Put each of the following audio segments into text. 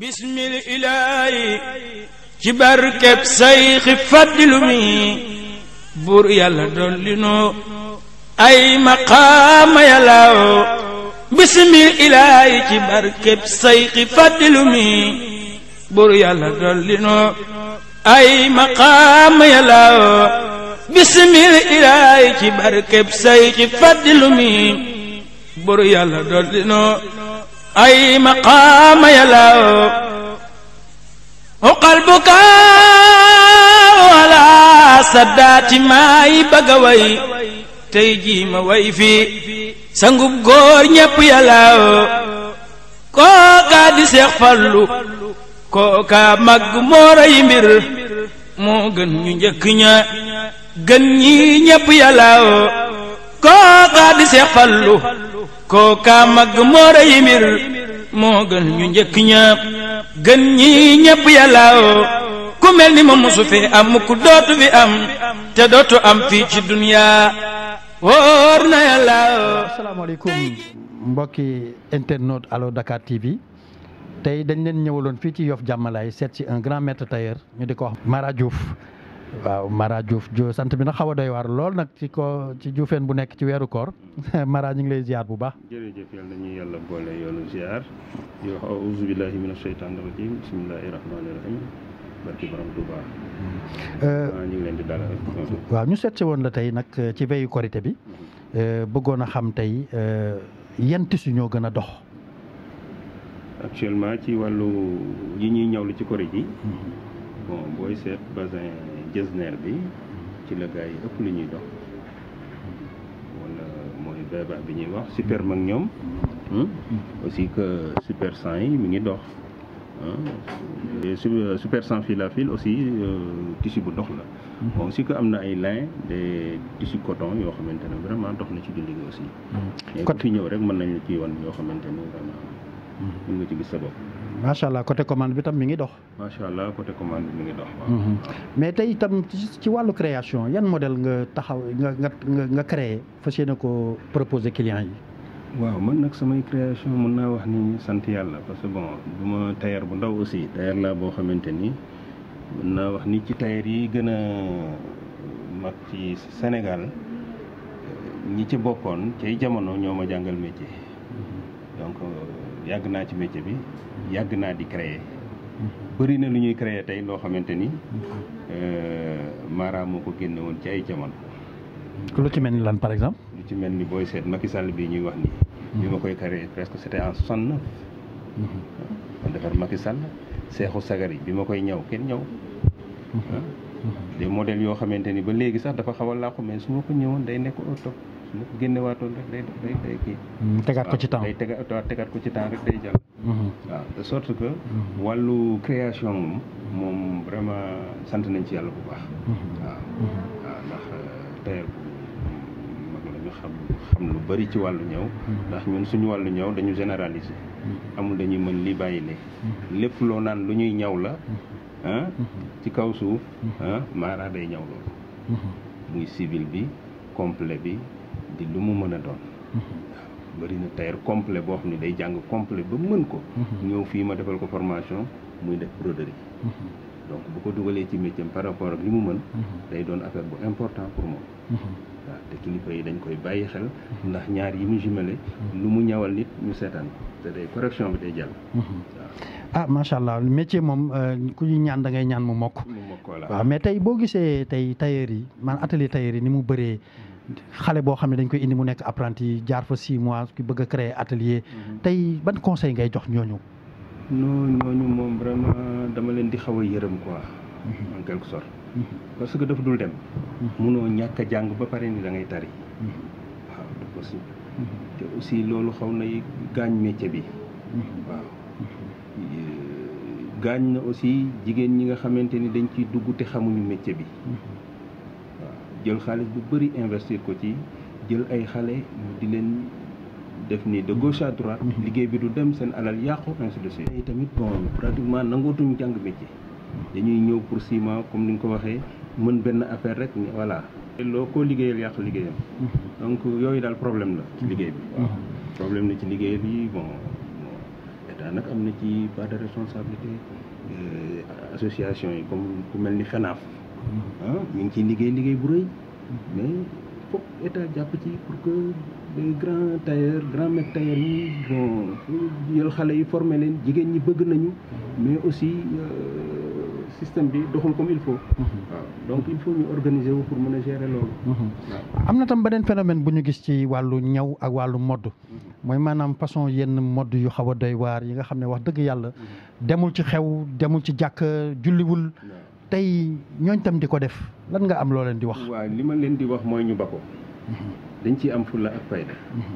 بسم الإلهي كبر كب سيخ فدلمي بور يلا دولينو أي مقام يلاو بسم الإلهي كبر كب سيخ فدلمي بور يلا دولينو أي مقام يلاو بسم الإلهي كبر كب سيخ فدلمي بور يلا دولينو ay maqam ya law o qalbuka wala sadati may bagaway tayji ma way fi sangu gor ñep ya law ko ka di sheikh fallu ko ka mag mo ray mbir ya law ko ka di kooka mag moo rëy mbir moo gën ñu njëkk ñëpp gën ñi ñëpp yàllaawoo ku mel ni ma musu fi am mukk dootu fi am te dootu am fii ci duniyaa wóor na yàllaawoo asalaamaaleykum mbokki internaute Allo Dakar TV tey dañ leen ñëwaloon fii ci Yoff Jàmmalaay seet si un grand maître tailleur ñu di ko wax Mara Diouf waaw Mara Diouf ju sant bi na xaw a doy waar lool nag ci ko ci juufeen bu nekk ci weeru koor Mara ñu ngi lay ziar bu baax. jërëjëf yàlla nañu yàlla boole yoonu ziar yoo xam auzu billahi mina shaytaani rajim bismillahi rahmaani rahim mm-hmm. ngi leen di waaw ñu seet woon la tey nag ci veyu korité bi mm-hmm. eh, bëggoon a xam tey eh, yan tissu ñoo gën a dox. actuellement ci wàllu yi ñuy ñawlu ci korité ji. Mm-hmm. booy seet jëzneer bi mhm. ci la gars yi ëpp lu ñuy dox wala mooy beebaa bi ñuy wax super mag ñoom mhm. hmm? aussi que super 100 yi mu ngi dox hmm? euh, super sans fil à fil aussi euh, tissu bu ndox la mhm. bon aussi que am na ay lin des tissus coton yoo xamante ne vraiment dox na ci dund gi aussi mais ku fi ñëw rek mën nañu ci wan yoo xamante ne mën nga ci gis sa bopp. macha allah côté commande bi tam mi ngi dox. macha allah côté commande mhm. mais tey tam ci wàllu création yan modèle nga taxaw nga nga nga créé ne ko proposé client yi. waaw man nag samay création mën naa wax ni sant yàlla parce que bon du ma tailleur bu ndaw aussi tailleur laa boo xamante nii mën naa wax ni ci tailleur yi gën a mag ci Sénégal ñi ci bokkoon cay jamono ñooma jàngal métier mhm. euh, yàgg naa ci métier bi yàgg naa di créer bëri na lu ñuy créer tey loo xamante ni euh, maaraam moo ko génne woon ci ay jamono. lu ci mel ni lan par exemple. lu ci mel ni booy seet Macky Sall bii ñuy wax nii. Mmh. bi ma koy créer presque c'était en soixante ma mmh. defar Macky Sall Seexu Sagari bi ma koy ñëw kenn ñëw. Mmh. Ah. des modèles yoo xamante ni ba léegi sax dafa xaw a làqu mais su ma ko ñëwoon day nekk au top. su ko génnewaatoon rek day day day kii. Mm, tegaat ko ci temps day tegaat ko ci temps rek day jàll. Mm-hmm. waaw de sorte que. Mm-hmm. wàllu création moom. moom vraiment sant nañ ci yàlla bu baax. Mm-hmm. waaw ndax euh, tailleur bu mag la xam lu bari ci wàllu ñëw. ndax ñun suñu wàllu ñëw dañu généraliser. amul dañuy mën li bàyyi ne. lépp loo naan lu ñuy ñaw la. Ah, ci kaw suuf. maara ah, ñaw loolu. muy civil bi complet bi. di lu mu mën a doon bëri na tailleur complet boo xam ne day jàng complet ba mën ko mhm. ñëw fii ma defal ko formation muy def broderie mhm. donc bu ko dugalee ci métier par rapport ak li mu mën mhm. day doon affaire bu important pour moom mhm. waaw te kilifa yi dañ koy bàyyi xel mhm. ndax ñaar yi mu jumale lu mu ñawal nit ñu seetaan te day correction bi day jàll ah macha allah métier moom euh, ku ñu ñaan da ngay ñaan mu mokk waaw mais tey boo gisee tey tailleur yi man atelier tailleur ni mu bëree xale boo xam ne dañ koy indi mu nekk apprenti jaar fa six mois ki bëgg a créer atelier tey ban conseil ngay jox ñooñu non ñooñu moom vraiment dama leen di xaw a yërëm quoi. Mhm. en quelque sorte. Mhm. parce que dafa dul dem. Mhm. munoo ñàkk jàng ba pare ni da ngay tari. waaw te aussi loolu xaw na gaañ métier bi. waaw euh, gaañ na aussi jigéen ñi nga xamante ni dañ ciy dugg te xamuñu métier bi. waaw jël xaalis bu bëri investir ko ci jël ay xale mu di leen. def nii de gauche à droite. Mhm. liggéey bi du dem seen alal yàqu ainsi de suite. tamit bon pratiquement nangootuñu jàng métier. dañuy ñëw pour ciment comme ni nga ko waxee mën benn affaire rek voilà. loo koo liggéeyal yàqu liggéeyam. Mhm. donc yooyu daal problème la. ci liggéey bi mhm. waaw problème la ci liggéey bi bon état nag am na ci part de responsabilité. Euh, association yi comme ku mel ni FENAF. E ah ñu ngi ciy liggéey liggéey bu rëy foog état jàpp ci pour que les grands tailleurs grands maîtres yi xale yi former leen jigéen ñi bëgg nañu mais aussi euh, système bi doxul comme il faut. Mhm. waaw donc il faut ñu organiser wu pour mën a gérer loolu. Mhm. am na tam beneen phénomène bu ñu gis ci wàllu ñaw ak wàllu modd. Mhm. mooy maanaam façon yenn modd yu xaw a doy waar yi nga xam ne wax dëgg yàlla demul ci xew demul ci jàkk julliwul. tey ñooñ tam di ko def lan nga am loo leen di wax. waaw li ma leen di wax mooy ñu ba ko mhm. dañ ciy am fulla ak fayda. Mhm.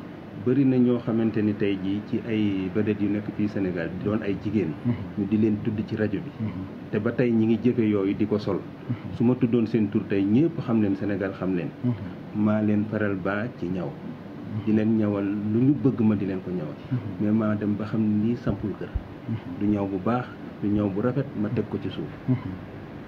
bëri ñoo xamante ni tey jii ci ay bëdët yu nekk fii Sénégal di doon ay jigéen mhm. ñu di leen tudd ci rajo bi te ba tey ñi ngi jëfe yooyu di ko sol su ma tuddoon seen tur tey ñëpp xam leen Sénégal xam leen maa leen faral ba ci ñaw di leen ñawal lu ñu bëgg ma di leen ko ñawal mais maa dem ba xam ni sampul kër du ñaw bu baax du ñaw bu rafet ma teg ko ci suuf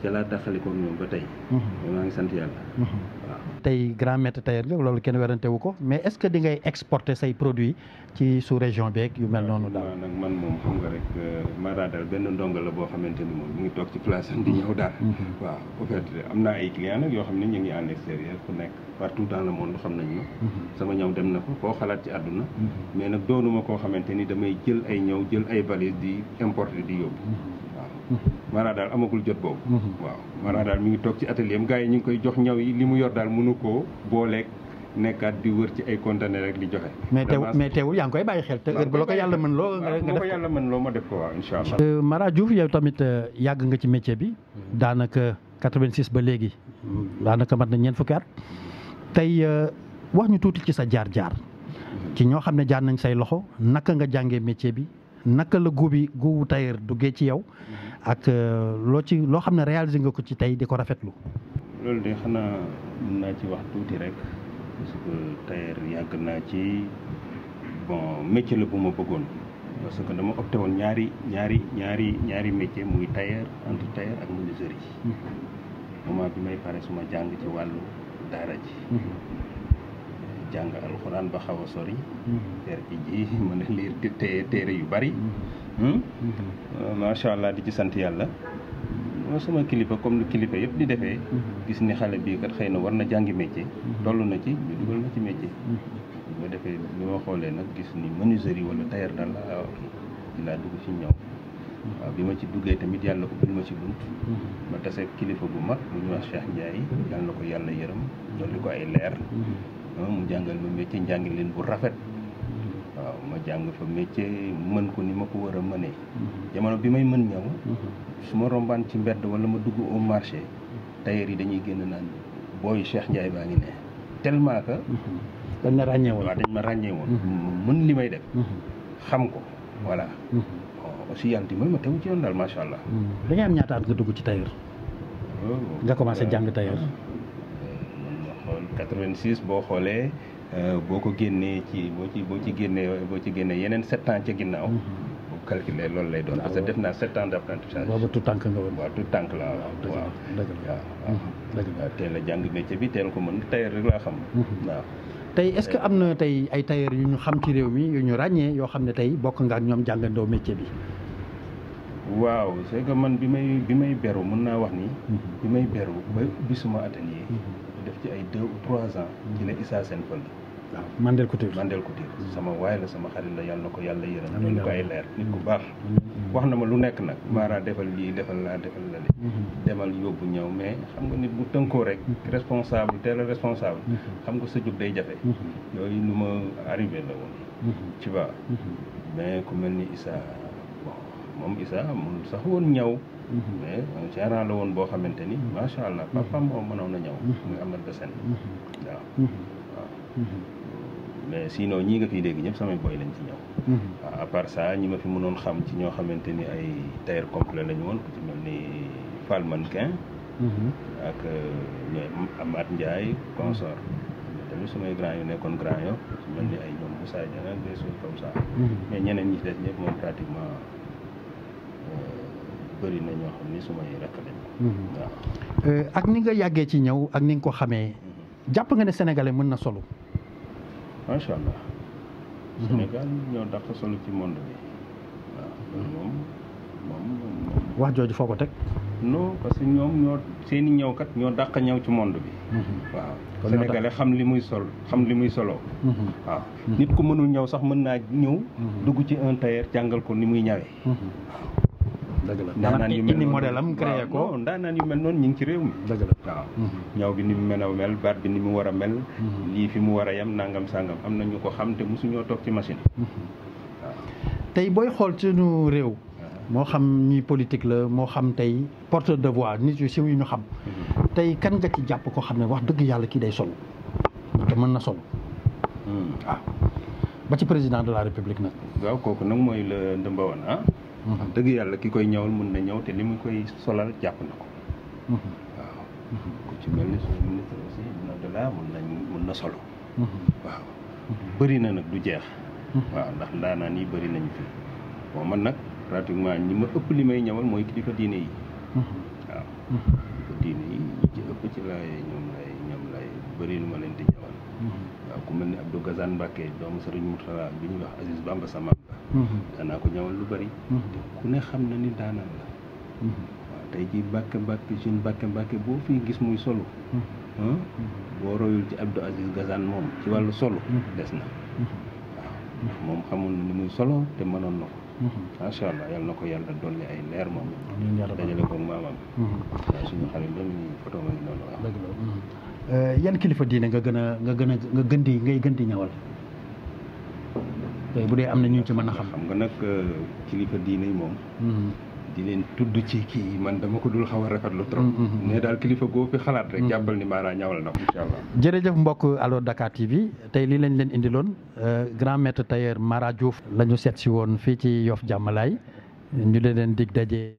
ca laa taxalikoog ñoom ba tey. Mhm. maa ngi sant yàlla. Mhm. waaw tey grand maître tailleur nga loolu kenn werante wu ko mais est-ce que di ngay exporter say produits ci sous région beeg yu mel noonu daal. waaw nag man moom xam nga rek euh, Mara daal benn ndongo la boo xamante ni moom mu ngi toog ci place am di mhm. ñëw daal. waaw bu fekkee am na ay clients nag yoo xam ne ñu ngi en extérieur ku nekk partout dans moom monde xam nañu ma. sama ñëw dem na ko koo xalaat ci àdduna. mais nag doonuma koo xamante ni damay jël ay ñëw jël ay valises di importer di yóbbu mara dal amagul jot boobu mhm. waaw mara dal mi ngi tok ci atelier am gaay ñu ngi koy jox ñaw yi limu yor dal mënu ko booleeg nekkat di wër ci ay conteneur rek di joxe mais téw mais téw yang koy bàyyi xel te heure bu lako yalla mën lo nga def ko yalla mën lo ma def ko waaw incha allah euh, Mara djouf yow tamit euh, yag nga ci métier bi mhm. danaka 86 ba légui mhm. danaka mat na ñen fukki at tey euh, wax ñu tuti ci sa jaar-jaar ci ño xam jaar nañ say loxo naka nga jàngee métier bi naka la guubi guubu tailleur duggee ci yow ak euh, loo ci loo xam ne réalisé nga ko ci tey di ko rafetlu. loolu de xanaa mën naa ci wax tuuti rek parce que tailleur yàgg naa ci bon métier la bu ma bëggoon parce que dama opté woon ñaari ñaari ñaari ñaari métier muy tailleur entre tailleur ak menuiserie moment bi may pare suma jàng ci wàllu daara ji. jàng alxuraan ba xaw a sori. ter mm-hmm. ji mën a liir téere yu bari. Mm-hmm. Hmm? Mhm. Euh, macha allah di ci sant yàlla moo sama kilifa comme ni kilifa yëpp di defee mhm. gis ni xale bii kat xëy na war na jàngi métier mhm. toll na ci ñu dugal na ci métier boo defee bi ma xoolee gis ni menuiserie yi wala tailleur daal dugg ci ñëw waaw bi ma ci duggee tamit yàlla ubbil ma ci bunt ma tasee kilifa bu mag bu ñu wax Cheikh Ndiaye yàlla ko yàlla yërëm dolli ko ay leer ah, mu jàngal ma métier njàngi leen bu rafet waaw ma jàng fa métier mën ko ni ma ko war a mënee. Mhm. jamono bi may mën ñëw. Mhm. su ma rombaan ci mbedd wala ma dugg au marché. tailleur yi dañuy génn naan booy Cheikh Ndiaye baa ngi ne tellement que. Mhm. dañ ma dañ ma ràññee woon. mën li may def. xam ko voilà. aussi ma tegu ci yoon daal macha allah. da am ñaata at nga dugg ci tailleur. Oh, nga commencé jàng tailleur. Euh, boo xoolee. Euh, boo ko génnee ci boo ci boo ci génnee boo ci génnee yeneen sept ans ca ginnaaw. Mhm. boo calculer loolu lay doon. parce que ah, def naa sept ans d' apprentissage. tànk nga woon. waaw tànk ah, la waaw. waaw mhm, dëgg a jàng métier bi teel ko mën tailleur rek laa xam. Mhm. waaw. est-ce que am na tey ay tailleur yu ñu xam ci réew mi yu ñu ràññee yoo xam ne tey bokk nga ak ñoom jàngandoo métier bi. man bi may bi may beru mën naa wax ni. may beru ba bisuma def ci ay deux ou trois ans. ci la seen Sène Mandel Couture Mandel Couture sama waay la sama xarit la yàlla na ko yàlla yërëm doon ko ay leer nit ku baax wax na ma lu nekk nag maara defal lii defal laa defal la li mhm. demal yóbbu ñëw mais xam nga nit bu tënkoo rek mhm. responsable teela a responsable mhm. xam nga sa jóg day jafe yooyu lu ma arrivé la woon ci ba mais ku mel ni Issa bon moom Issa mënul sax woon ñaw mais gérant la woon boo xamante ni macha allah papaam moom mënoon na ñëw muy amal ba seen waaw mais sinon ñii nga fiy dégg ñëpp samay boy lañ ci ñëw waaw mhm. ah, à part ça ñi ma fi mënoon xam ci ñoo xamante ni ay tailleur complet lañu woon ku ci mel ni Fall Mannequin mhm. ak euh, ñoom Amath Ndiaye consort tamit samay grand yu nekkoon grand yo ci mel ni ay ñoom Moussa Diagne des choses comme ça mhm. mais ñeneen ñi ci des ñëpp moom pratiquement euh, bëri na ñoo xam ni sumay rakk lañ waaw euh, ak ni nga yàggee ci ñëw ak ni nga ko xamee jàpp nga ne sénégalais mën na solo macha allah. Mhm. Sénégal ñoo dàq solo ci monde bi mhm. waaw moom moom wax jooju foo ko teg. non parce ñoom ñoo seen i ñëwkat ñoo dàq ñëw ci monde bi. Mhm. waaw sénégalais xam li muy sol xam li muy soloo. waaw nit ku mënul ñëw sax mën naa ñëw. dugg ci un jàngal ko ni muy ñawee. dëgg la ndaanaan yu mel indi modèle am créé ko ndaanaan yu mel noonu ñu ngi ci réew mi dëgg la waaw mhm. ñaw bi ni mu mel a mel baat bi ni mu war a mel mhm. lii fi mu war a yem nangam sàngam am na ñu ko xam te mosuñoo toog ci machine mhm. tey booy xool suñu réew moo xam ñuy politique la moo xam tey porte de voix nit yu siw yu ñu xam tey kan nga jàpp ko xam ne wax dëgg yàlla kii day sol te mën na sol waaw ah. ba ci président de la république nag waaw kooku nag mooy la ndëmbawoon ah wax dëgg yàlla ki koy ñëwal mën na ñew te limuy koy solal japp nako ko waaw ku ci mel ni suñu ministre aussi dina de la mun nañ mun na solo waaw bari na nak du jeex waaw ndax ndaanaan ni bari nañ fi bo man nak pratiquement ñi ma ëpp limay ñewal moy mooy kilifa diine yi waaw kilifa diine yi ñi ci ëpp ci lay ñom lay ñom lay bari lu ma leen di ñewal waaw ku melni Abdou Gazan Mbacké doomu Serigne Mourtala bi ñuy wax Aziz Bamba sama Mm-hmm. danaa ko ñawal lu bari mm-hmm. ku ne xam na ni daanaan la mm-hmm. waaw tey jii Mbacke Mbacke jeune Mbacke Mbacke boo fii gis muy solo boo royul ci Abdou Aziz Gazane moom ci wàllu solo des na waaw moom xamul ni muy solo te mënoon na ko macha allah yal na ko yàlla dolli ay leer moom dajale ko maamam waaw suñu xarit la photo ma ngi noonu waaw euh, yan kilifa diine nga gën a nga gën a nga gën di ngay gën di ñawal tey euh, bu dee am na ñu ci mën a xam. xam nga nag euh, kilifa diine moom. Hmm. di leen tudd ci kii man dama ko dul xaw a rafetlu trop. Hmm, hmm, ne daal kilifa goo fi xalaat rek. jàppal ni Mara ñawal na ko incha allah. jërëjëf mbokk allo Dakar TV tey lii lañ leen indiloon euh, grand maître tailleur Mara Diouf lañu ñu seet si woon fii ci Yoff Jàmmalaay ñu leen dig daje.